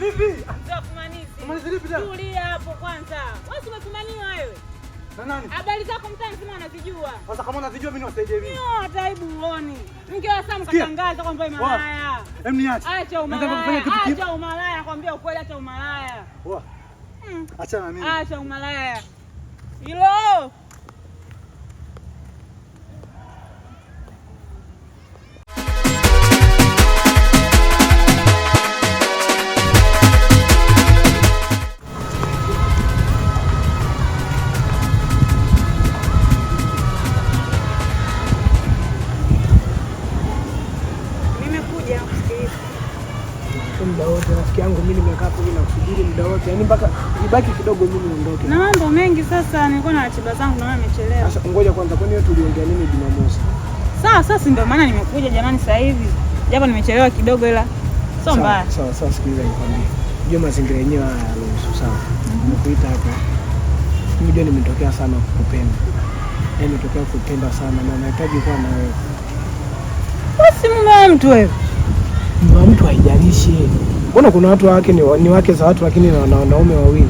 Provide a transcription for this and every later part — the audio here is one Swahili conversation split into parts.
vipi? Tulia hapo kwanza. Wewe umefumaniwa wewe. Na nani? Habari zako mtaani zima unazijua. Sasa kama unazijua mimi niwasaidie vipi? Mimi ataibu uone. Mke wa Samu katangaza kwamba ni malaya. Hem niache. Acha umalaya. Acha umalaya, kwambia ukweli acha umalaya. Wah. Mm. Acha na mimi. Acha umalaya. Hilo. kusubiri muda wote, yaani mpaka ibaki kidogo mimi niondoke. Na mambo mengi sasa, nilikuwa na ratiba zangu, naona nimechelewa. Sasa ngoja kwanza, kwani wewe tuliongea nini Jumamosi? Sawa, sasa ndio maana nimekuja jamani, sasa hivi japo nimechelewa kidogo, ila sio mbaya. Sawa sawa, sikiliza nikwambie, unajua mazingira yenyewe haya yaruhusu. Sawa, nimekuita hapa, unajua nimetokea sana kukupenda, yaani nimetokea kukupenda sana na nahitaji kuwa na wewe. Basi mume wa mtu wewe, mume wa mtu haijalishi Mbona kuna watu wake ni, ni wake za watu lakini na wanaume wawili.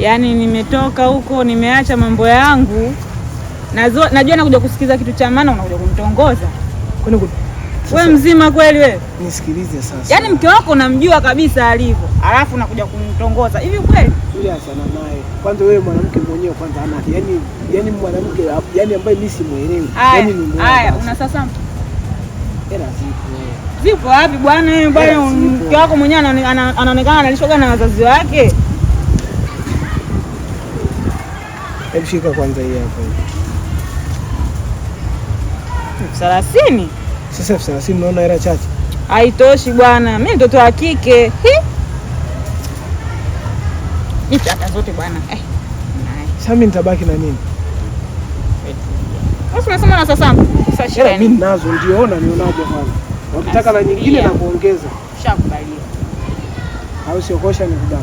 Yaani nimetoka huko nimeacha mambo yangu. Najua najua nakuja kusikiza kitu cha maana unakuja kumtongoza Kwani wewe mzima kweli wewe? Nisikilize sasa. Yaani mke wako unamjua kabisa alivyo. Alafu unakuja kumtongoza Hivi kweli? Kulia sana naye. Kwanza wewe mwanamke mwenyewe kwanza ana yaani yaani mwanamke yaani ambaye mimi simuelewi. Yaani ni mwanamke. Haya, una sasa. Era zipo wewe zipo wapi bwana? Bwana mke wako mwenyewe anaonekana analishoga na wazazi wake. Hebu shika kwanza hii hapa. Thelathini. Sasa thelathini unaona hela chache. Haitoshi bwana. Mimi mtoto wa kike. Nichata zote bwana. Eh. Sasa mimi nitabaki na nini? Wewe unasema na sasa. Sasa shida. Mimi ninazo ndio ona nionaje bwana ukitaka na nyingine na kuongeza ushakubaliwa au siokosha ni kudaba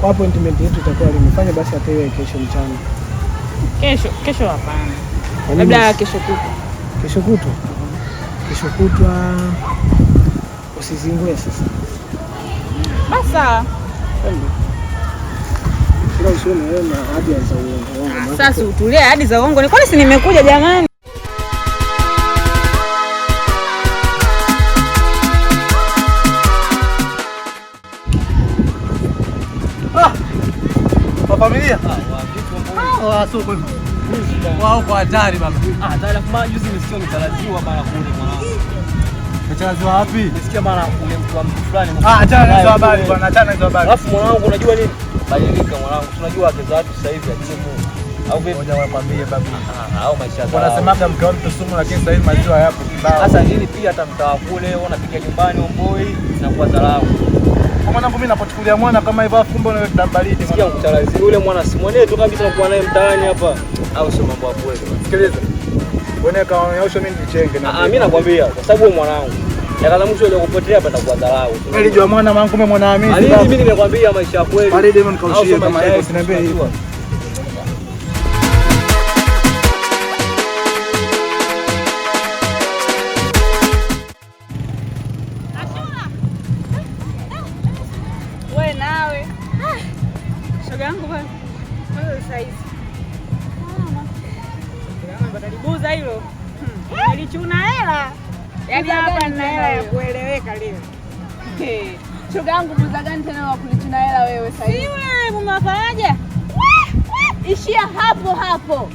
kwa appointment yetu itakuwa limefanya basi, apewe kesho mchana. Kesho kesho, hapana, labda kesho kutwa. Kesho kutwa, kesho kutwa usizingue sasa. Basa sasa utulie hadi za uongo, ni kwani si nimekuja jamani. familia ah, wao ah, kwa hatari baba. Kachalaziwa wapi? Nisikia mara kule mtu wa mtu fulani. Ah, achana hizo habari bwana, achana hizo habari. Alafu mwanangu unajua nini? Badilika mwanangu. Tunajua wake zetu sasa hivi akimu. Au vipi? Ngoja wakwambie baba. Ah, ah, au maisha yao. Wanasemaga mkao mtu sumu lakini sasa hivi maziwa yapo kibao. Sasa nini pia hata mtaa kule unapiga nyumbani omboi na kwa dharau. Kwa maana mimi napochukulia mwana kama hivyo afu kumbe unaweka damu Sikia mkuchalazi yule mwana simwonee tu kabisa kwa naye mtaani hapa. Au sio mambo hapo wewe. Sikiliza. Wewe kama unyaosha mimi nichenge na. Ah, mimi nakwambia kwa sababu wewe mwanangu. Nakala mwisho ile kupotea hapa takuwa dharau. Nilijua mwana wangu kumbe mwana Hamisi. Ah, mimi nimekwambia maisha ya kweli. Baridi mimi nikaushie kama hivyo sinaambia hivyo. Ndugu yangu basi, wewe saizi batalibuza hilo, nilichuna hmm. hela yaani, hapa nina hela ya kueleweka leo. Shoga yangu, buza gani tena wa kulichuna hela wewe saizi? Si wewe mume Faraja, ishia hapo hapo.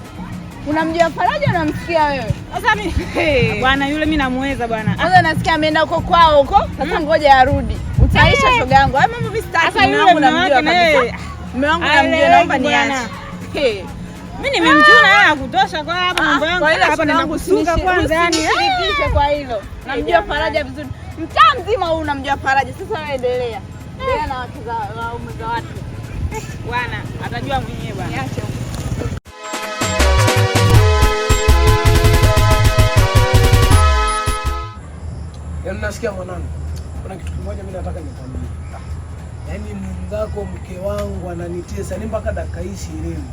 Unamjua Faraja, unamsikia wewe sasa. Mimi bwana yule mimi namuweza bwana. Sasa nasikia ameenda huko kwao huko, sasa hmm. ngoja arudi, utaisha shoga yangu. Hayo mambo visitaki, mimi namjua kabisa. Mume wangu kamjua, naomba niache. Mimi nimemjua na ah. ya kutosha kwa hapa ah, mambo yangu. Kwa hilo hapa kwanza yani. Shirikisha eh. kwa hilo. Namjua Faraja vizuri. Mtaa mzima huu unamjua Faraja. Sasa wewe endelea. Endelea na watu za waume za watu. Bwana, atajua mwenyewe bwana. Niache Yaani nasikia mwanangu. Kuna kitu kimoja mimi nataka nikwambie yaani mwenzako mke wangu ananitesa ni mpaka dakika ishirini.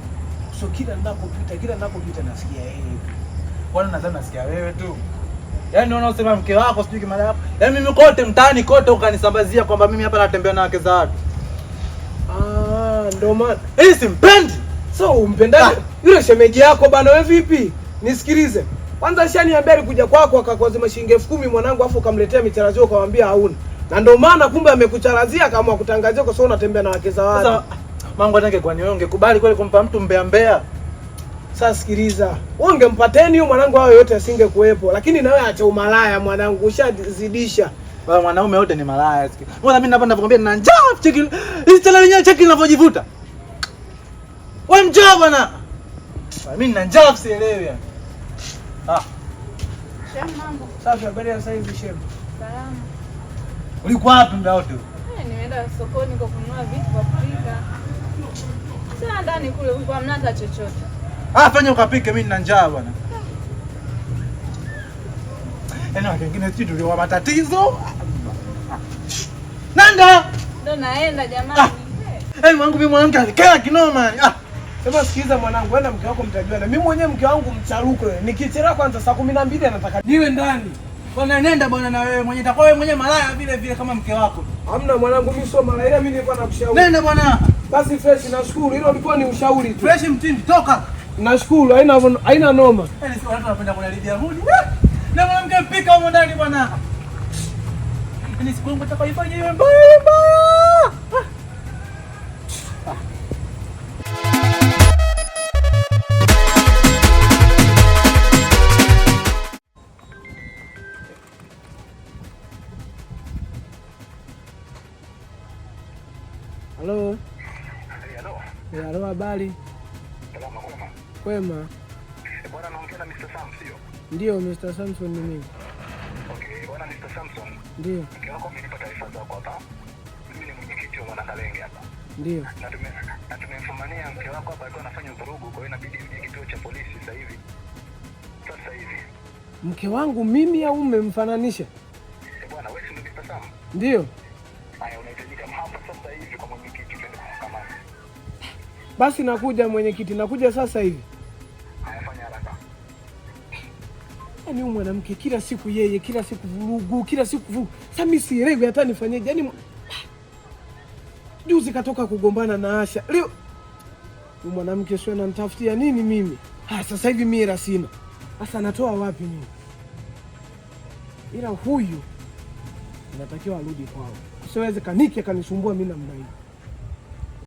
So kila ninapopita, kila ninapopita nasikia yeye Bwana nadhani nasikia wewe tu. Yaani unaona usema mke wako sijui kimada hapa. Yaani mimi kote mtaani kote ukanisambazia kwamba mimi hapa natembea na wake za watu. Ah, ndio maana. Hii simpendi. So umpendaje? Ah. Yule shemeji yako bana wewe vipi? Nisikilize. Kwanza shani ya mbele kuja kwako akakwazima shilingi 10,000 mwanangu afu ukamletea mitarajio ukamwambia hauna na ndio maana kumbe amekucharazia kama akutangazia kwa sababu unatembea na wake za watu. Mangu atake kwa wewe kubali kweli kumpa mtu mbea mbea? Sasa sikiliza, wewe ungempateni huyo mwanangu, hayo yote asingekuwepo, lakini na wewe acha umalaya mwanangu, ushazidisha baba. Mwanaume wote ni malaya. Sikiliza Mbona mimi hapa ninakwambia nina njaa, cheki hizi tena yenyewe, cheki ninavyojivuta wewe, njaa bwana, mimi nina njaa, sielewi Ah, shemu mambo safi, habari ya sasa hivi salama Ulikuwa wapi muda wote? Eh, nimeenda sokoni kwa kununua vitu vya kupika. Sasa ndani kule huko hamna hata chochote. Ah, fanya ukapike, mimi nina njaa bwana. Eneo eh, kingine sisi tulio matatizo. Nanda. Ndio naenda jamani. Ah! Eh, mwanangu mimi mwanamke alikea kinoma Ah. Sema sikiza mwanangu, wewe na mke wako mtajua na Mimi mwenyewe mke wangu mcharuko. Nikichelewa kwanza saa 12 anataka niwe ndani. Bwana nenda bwana na wewe mwenyewe takuwa wewe mwenyewe malaya vile vile kama mke wako. Hamna mwanangu mimi sio malaya ila mimi nilikuwa nakushauri. Nenda bwana. Basi fresh nashukuru hilo lilikuwa ni ushauri tu. Fresh mtindi toka. Nashukuru haina haina noma. Yaani eh, sio watu wanapenda kunalibia hudi. Eh, na mwanamke mpika huko ndani bwana. Yaani siku ngoja kwa ifanye hiyo mbaya mbaya. Ah. habari? Salama kwema. Kwema. E, eh, bwana naongea na Mr. Samson. Ndio, Mr. Samson ni mimi. Okay, bwana Mr. Samson. Ndio. Kiwango nilipata taarifa zako hapa. Mimi ni mwenyekiti wa Mwanakalenge hapa. Ndio. Na na tumemfumania mke wako hapa alikuwa anafanya vurugu, kwa hiyo inabidi mje kituo cha polisi sasa hivi. Sasa hivi. Mke wangu mimi au umemfananisha? E, eh, bwana wewe si Mr. Samson? Ndio. Haya, unahitajika hapa sasa hivi kwa mwenyekiti. Basi nakuja mwenyekiti, nakuja sasa hivi. Yaani huyu mwanamke kila siku yeye, kila siku vurugu, kila siku vurugu. Sasa mimi sielewi hata nifanyeje. Yaani juzi katoka kugombana na Asha. Leo huyu mwanamke sio ananitafutia nini mimi? Ah, sasa hivi mimi hela sina. Sasa natoa wapi mimi? Ila huyu inatakiwa arudi kwao. Usiweze kaniki akanisumbua mimi namna hii.